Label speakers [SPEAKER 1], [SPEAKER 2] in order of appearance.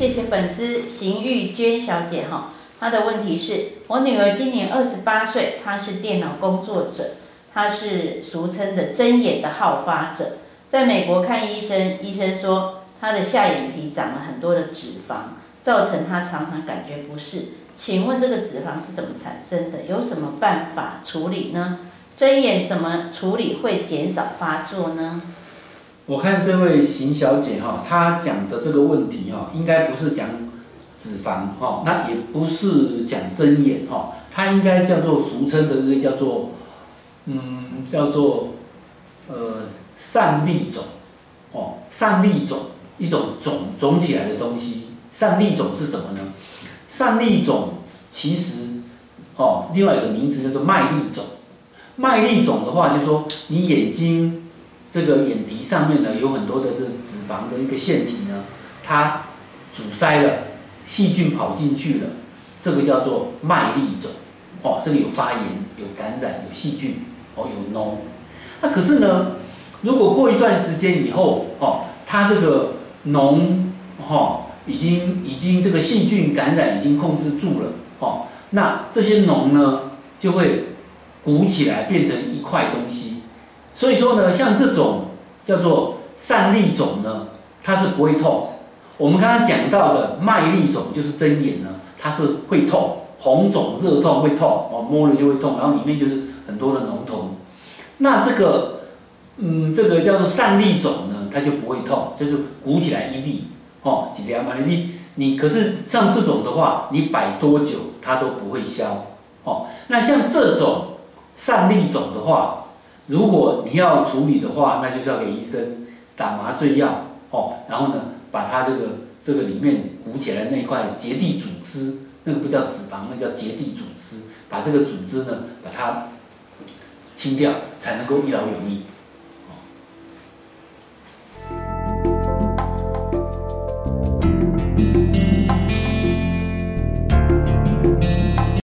[SPEAKER 1] 謝謝粉絲邢玉娟小姐哈，她的問題是：我女兒今年二十八歲，她是電腦工作者，她是俗稱的針眼的好發者，在美國看醫生，醫生說她的下眼皮長了很多的脂肪，造成她常常感覺不適。請問這個脂肪是怎麼產生的？有什麼辦法處理呢？針眼怎麼處理會減少發作呢？
[SPEAKER 2] 我看這位邢小姐哈，她講的這個問題哈，應該不是講脂肪哈，那也不是講針眼哈，她應該叫做俗稱的一個叫做，嗯，叫做，呃，散粒腫，哦，散粒腫一種腫腫起來的東西，散粒腫是什麼呢？散粒腫其實哦，另外一個名字叫做麥粒腫，麥粒腫的話就是說你眼睛。這個眼皮上面呢，有很多的這個脂肪的一個腺體呢，它阻塞了，細菌跑進去了，這個叫做麥粒腫，哦，這裡、個、有發炎、有感染、有細菌，哦，有膿。那可是呢，如果過一段時間以後，哦，它這個膿，哦，已經已經這個細菌感染已經控制住了，哦，那這些膿呢就會鼓起來，變成一塊東西。所以說呢，像這種叫做霰粒腫呢，它是不會痛。我們剛剛講到的麥粒腫就是針眼呢，它是會痛、紅腫、熱痛會痛哦，摸了就會痛，然後裡面就是很多的膿頭。那這個，嗯，這個叫做霰粒腫呢，它就不會痛，就是鼓起來一粒哦，幾兩麻粒一粒。你可是像這種的話，你擺多久它都不會消哦。那像這種霰粒腫的話，如果你要處理的話，那就是要給醫生打麻醉藥哦，然後呢，把它這個這個裡面鼓起來那一塊結締組織，那個不叫脂肪，那個叫結締組織，把這個組織呢，把它清掉，才能夠一勞永逸。